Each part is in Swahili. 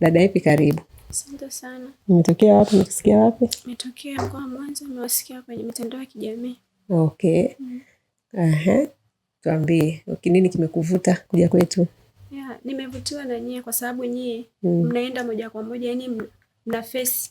Dada Epi, karibu. Asante sana. Umetokea wapi? Umetusikia wapi? Umetokea mkoa Mwanza, umewasikia kwenye mitandao ya kijamii. Okay. Mm. Aha. Tuambie, nini kimekuvuta kuja kwetu? Yeah, nimevutiwa na nyie kwa sababu nyie mm. mnaenda moja kwa moja, yani mna face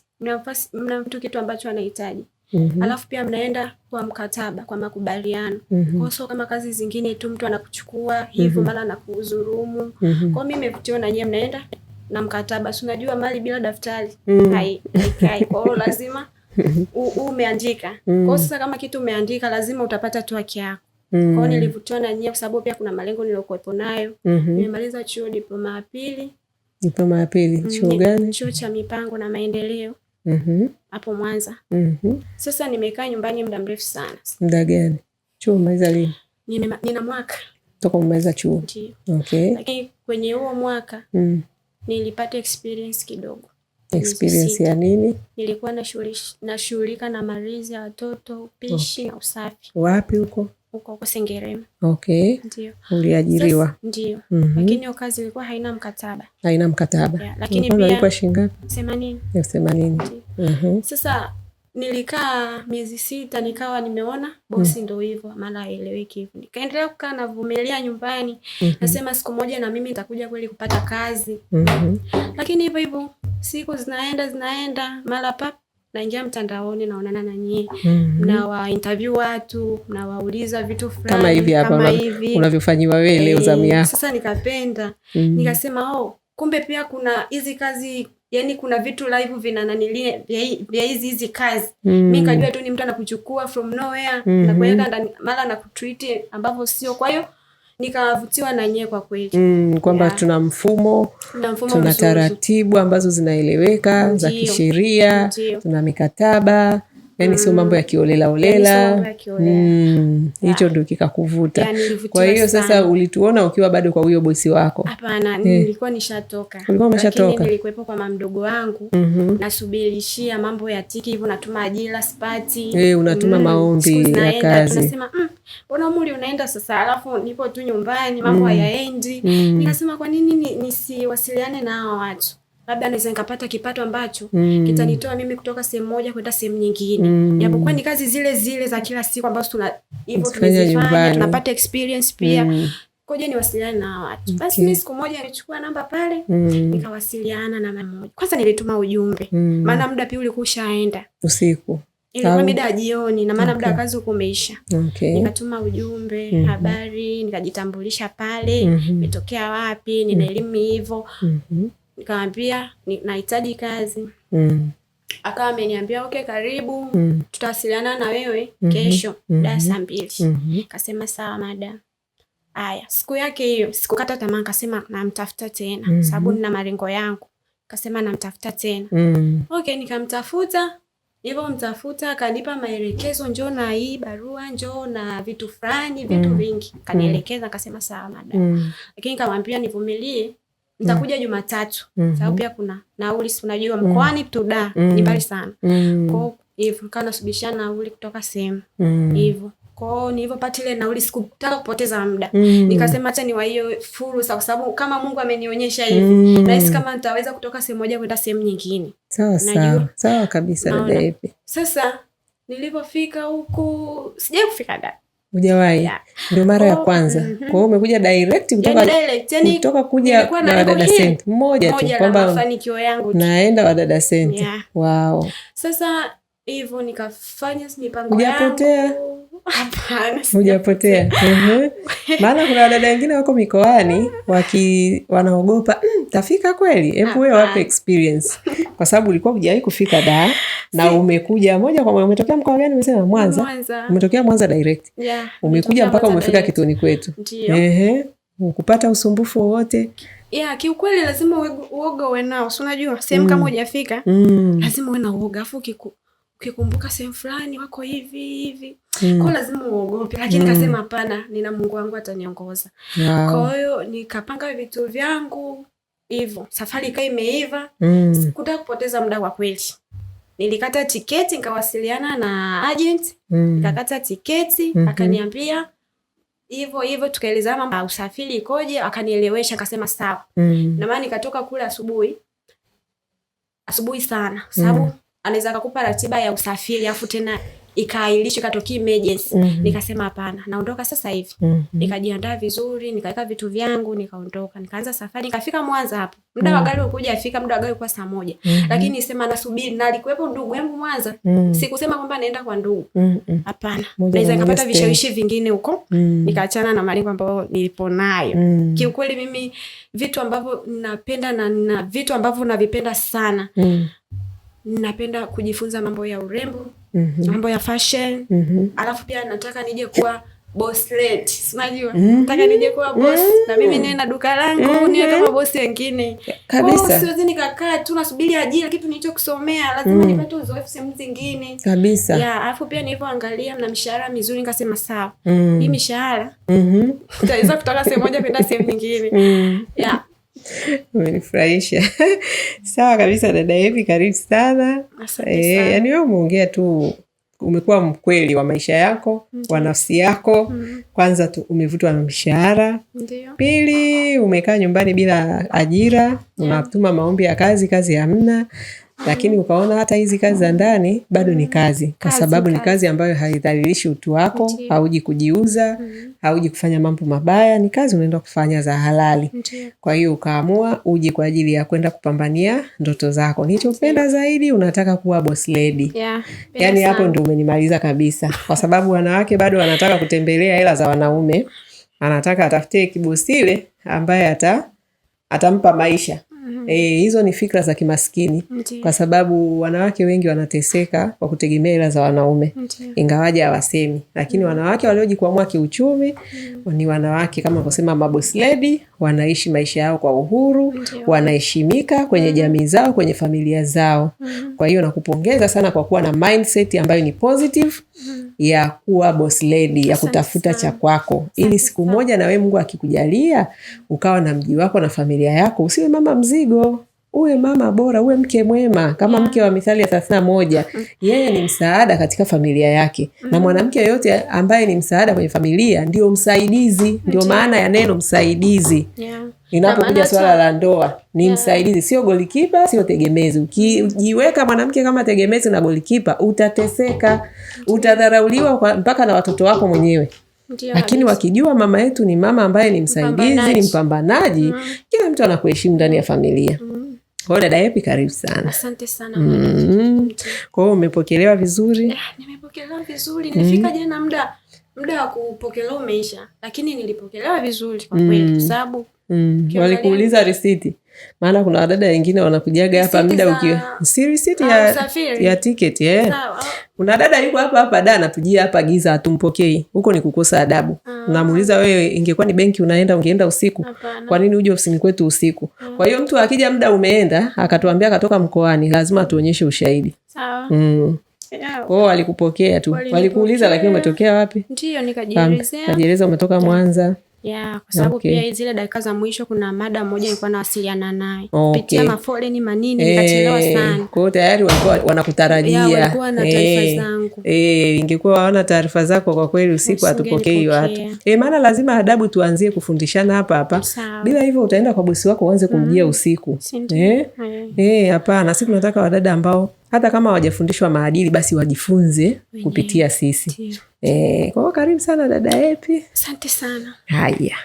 mna mtu kitu ambacho anahitaji Mm -hmm. Alafu pia mnaenda kwa mkataba kwa makubaliano mm -hmm. Kwao sio kama kazi zingine tu mtu anakuchukua hivyo mm mm-hmm. -hmm. anakuudhurumu mm -hmm. Kwao mimi nimevutiwa na nyie mnaenda na mkataba. Si unajua mali bila daftari mm. haikai. Kwa hiyo lazima u, umeandika mm. Kwa sasa kama kitu umeandika lazima utapata tu haki yako. Mm. Kwa hiyo mm. nilivutiwa na nyie kwa sababu pia kuna malengo niliyokuwepo nayo. Mm -hmm. Nimemaliza chuo diploma ya pili. Diploma ya pili. Mm, chuo gani? Chuo cha mipango na maendeleo. Mhm. Hapo Mwanza. mm -hmm. Sasa nimekaa nyumbani muda mrefu sana. Muda gani? Chuo umemaliza lini? Nina mwaka. Toka umemaliza chuo. Ndiyo. Okay. Lakini kwenye huo mwaka mm nilipata experience kidogo. Experience ya nini? Nilikuwa nashughulika na na malezi ya watoto, upishi na usafi. Wapi huko? Huko huko Sengerema. Okay. Ndio. Uliajiriwa? Ndio. mm -hmm. Lakini hiyo kazi ilikuwa haina mkataba. Haina mkataba. Yeah, Lakini pia ilikuwa shilingi ngapi? 80. 80. Mhm. Sasa nilikaa miezi sita, nikawa nimeona bosi mm. ndo hivyo maana aeleweki hivyo, nikaendelea kukaa navumilia nyumbani mm -hmm. nasema siku moja na mimi nitakuja kweli kupata kazi mm -hmm. lakini hivyo hivyo siku zinaenda zinaenda, mara pap naingia mtandaoni, naonana nanyie nyie mm -hmm. mnawa watu, mnawauliza vitu fulani kama hivi unavyofanyiwa wewe leo eh, zamu yako. Sasa nikapenda mm -hmm. nikasema oh, kumbe pia kuna hizi kazi yani kuna vitu live vina nanilie vya hizi hizi kazi mm. mi kajua tu ni mtu anakuchukua from nowhere mm -hmm. kuweka ndani mara na kutreat ambavyo sio kwa hiyo nikavutiwa na nyewe kwa kweli mm, kwamba yeah. tuna mfumo, mfumo tuna taratibu ambazo zinaeleweka za kisheria tuna mikataba yani mm. sio mambo ya kiolelaolela yaani mm, hicho ndo kikakuvuta. Yaani kwa hiyo sasa, ulituona ukiwa bado kwa huyo bosi wako? Hapana, eh. nilikuwa nishatoka, ulikuwa umeshatoka. Nilikuwepo kwa mamdogo wangu mm -hmm. nasubirishia mambo ya tiki hivyo, natuma ajira spati. Eh, unatuma mm. maombi ya kazi. Mm, mbona mm, umri unaenda sasa, alafu nipo tu nyumbani mambo mm. hayaendi mm. Nikasema kwa nini nisiwasiliane na hawa watu labda naweza nikapata kipato ambacho mm. kitanitoa mimi kutoka sehemu moja kwenda sehemu nyingine mm. japokuwa ni kazi zile zile za kila siku ambazo tuna hivo tunazifanya tunapata experience pia mm. Koje niwasiliane na watu okay. basi. Okay. Mimi siku moja nilichukua namba pale mm. nikawasiliana na mama moja. Kwanza nilituma ujumbe mm. maana muda pia ulikushaenda usiku, ilikuwa mida ya jioni na maana okay. muda wa kazi uko umeisha. Okay. Nikatuma ujumbe mm -hmm. habari, nikajitambulisha pale mm -hmm. metokea wapi, nina mm. elimu hivyo mm -hmm nikamwambia nahitaji kazi mm. Akawa ameniambia okay, karibu mm. tutawasiliana na wewe mm -hmm. kesho mm -hmm. daa saa mbili mm -hmm. Kasema sawa mada. Aya, siku yake hiyo sikukata tamaa, kasema namtafuta tena mm -hmm. sababu nina malengo yangu, kasema namtafuta tena mm -hmm. Okay, nikamtafuta mtafuta akanipa maelekezo, njo na hii barua, njo na vitu fulani, vitu mm. vingi kanielekeza, kasema sawa mada mm. Lakini kamwambia nivumilie nitakuja mm. Jumatatu mm -hmm. sababu pia kuna nauli, si unajua mkoani mm. tuda mm ni mbali sana mm kwao hivyo, kaa nasubishana nauli kutoka sehemu mm hivyo -hmm. Kwao nilivyopata ile nauli sikutaka kupoteza muda mm. Nikasema acha niwa hiyo fursa, kwa sababu kama Mungu amenionyesha hivi mm. nahisi kama nitaweza kutoka sehemu moja kwenda sehemu nyingine. Sawa sawa, sawa kabisa dada. Sasa nilipofika huku sijai kufika Dar Hujawahi? Ndio mara ya oh, kwanza. Mm-hmm. Kwa hiyo umekuja direct yaani kutoka yaani kutoka kuja na Wadada Senti mmoja tu kwamba naenda Wadada Senti. Wow. Sasa hivyo nikafanya mipango yangu. Hujapotea. Hapana, hujapotea. Mhm. Maana kuna wadada wengine wako mikoani ah. waki wanaogopa mm, tafika kweli? Hebu wewe wape experience, kwa sababu ulikuwa hujawahi kufika da na umekuja moja kwa moja. Umetokea mkoa gani? Umesema Mwanza. Umetokea Mwanza direct, yeah, umekuja mpaka umefika kituoni kwetu, ehe, ukupata usumbufu wowote? Yeah, kiukweli lazima uoga uwe nao, si unajua sehemu kama mm. hujafika mm. lazima uwe na uoga afu kiku ukikumbuka sehemu fulani wako hivi hivi mm. kwao lazima uogope, lakini mm. kasema hapana, nina Mungu wangu ataniongoza. yeah. Kwa hiyo nikapanga vitu vyangu hivo safari ikawa imeiva mm. sikuta kupoteza muda kwa kweli, nilikata tiketi nikawasiliana na agent mm. nikakata tiketi mm -hmm. akaniambia hivo hivo tukaelezana mambo ah, usafiri ikoje, akanielewesha kasema sawa mm. namaana nikatoka kule asubuhi asubuhi sana sababu mm anaweza akakupa ratiba ya usafiri afu tena ikaailisha ikatokea emergency. mm -hmm. Nikasema hapana, naondoka sasa hivi. mm -hmm. Nikajiandaa vizuri, nikaweka vitu vyangu, nikaondoka, nikaanza safari, nikafika Mwanza hapo muda mm -hmm. wa gari ulikuja afika, muda wa gari ulikuwa saa moja. mm -hmm. Lakini nisema nasubiri, na alikuwepo ndugu yangu Mwanza. mm -hmm. Sikusema kwamba naenda kwa ndugu, mhm, mhm. hapana. mm -hmm. Naweza nikapata vishawishi vingine huko. mm -hmm. Nikaachana na malengo ambayo nilipo nayo. mm -hmm. Kiukweli mimi vitu ambavyo napenda na na vitu ambavyo navipenda sana. mm -hmm napenda kujifunza mambo ya urembo mm -hmm. mambo ya fashion mm -hmm. alafu pia nataka nije kuwa boss unajua mhm. nataka nije kuwa boss mhm. na mimi niwe na duka langu mm -hmm. niwe kama boss wengine kabisa. Oh, siwezi nikakaa tu nasubiri ajira, kitu nilichokisomea lazima mm nipate uzoefu sehemu zingine kabisa ya. Alafu pia nilivyoangalia mna mishahara mizuri, nikasema sawa, mm hii mishahara mm -hmm. utaweza kutoka sehemu moja kwenda sehemu nyingine mm ya Umenifurahisha. Sawa kabisa dada Evi, karibu sana. E, yani wewe umeongea tu, umekuwa mkweli wa maisha yako Ndiyo. Mm-hmm. wa nafsi yako mm. Kwanza tu, umevutwa na mshahara. Pili, umekaa nyumbani bila ajira, unatuma maombi ya kazi, kazi hamna lakini ukaona hata hizi kazi za ndani bado ni kazi, kwa sababu ni kazi ambayo haidhalilishi utu wako, hauji kujiuza, mm-hmm. hauji kufanya mambo mabaya, ni kazi unaenda kufanya za halali. Kwa hiyo ukaamua uje kwa ajili ya kwenda kupambania ndoto zako. Nilichopenda zaidi, unataka kuwa boss lady. Yani hapo ndio umenimaliza kabisa, kwa sababu wanawake bado wanataka kutembelea hela za wanaume, anataka atafutie kibosile ambaye ata atampa maisha E, hizo ni fikra za kimaskini Kwa sababu wanawake wengi wanateseka kwa kutegemea hela za wanaume ingawaje hawasemi, lakini mm. wanawake waliojikwamua kiuchumi mm. ni wanawake kama kusema maboss lady, wanaishi maisha yao kwa uhuru wanaheshimika kwenye mm-hmm. jamii zao, kwenye familia zao mm. Kwa hiyo nakupongeza sana kwa kuwa na mindset ambayo ni positive mm ya kuwa boss lady, ya kutafuta cha kwako, ili siku moja na wewe Mungu akikujalia ukawa na mji wako na familia yako, usiwe mama mzigo uwe mama bora, uwe mke mwema kama yeah. Mm. mke wa Mithali ya thelathini na moja. Mm. Yeye ni msaada katika familia yake, mm -hmm. na mwanamke yoyote ambaye ni msaada kwenye familia ndio msaidizi. Ndio maana ya neno msaidizi yeah. inapokuja swala la ndoa ni yeah, msaidizi, sio golikipa, sio tegemezi. Ukijiweka mwanamke kama tegemezi na golikipa, utateseka, utadharauliwa mpaka na watoto wako mwenyewe. Ndiyo, lakini wakijua mama yetu ni mama ambaye ni msaidizi, ni mpambanaji, mm, kila mtu anakuheshimu ndani ya familia mm. Kwa hiyo dada karibu sana. Asante sana. Mm. Kwa hiyo umepokelewa vizuri? Eh, nimepokelewa vizuri. Nilifika mm. Mm-hmm. jana muda muda wa kupokelewa umeisha, lakini nilipokelewa vizuri kwa kweli, kwa mm-hmm. sababu walikuuliza risiti maana kuna wadada wengine wanakujaga hapa muda ukiwa siri siti ya, ya tiketi eh. Kuna dada yuko hapa hapa da anatujia hapa giza, hatumpokei huko, ni kukosa adabu. Ah. Namuuliza wewe, ingekuwa ni benki unaenda ungeenda usiku? Kwa nini uje ofisini kwetu usiku? Mm. Kwa hiyo mtu akija muda umeenda, akatuambia akatoka mkoani, lazima atuonyeshe ushahidi. Sawa. Mm. Oh, walikupokea tu, walikuuliza lakini umetokea wapi? Ndio, nikajieleza. Kajieleza umetoka Mwanza. Yeah, kwa sababu okay. Pia zile dakika za mwisho kuna mada moja nilikuwa nawasiliana naye okay. Kupitia mafoleni manini hey, eh, nikachelewa sana. Kwa hiyo tayari walikuwa wanakutarajia. Yeah, walikuwa na eh. taarifa hey, zangu. Eh, hey, ingekuwa waona taarifa zako kwa kweli usiku hatupokei watu. Eh, hey, maana lazima adabu tuanzie kufundishana hapa hapa. Bila hivyo utaenda kwa bosi wako uanze kumjia mm. usiku. Eh? Eh, hapana, sisi tunataka wadada ambao hata kama hawajafundishwa maadili basi wajifunze kupitia sisi. Tia. Eh, kwa karibu sana dada Epi. Asante sana. Haya.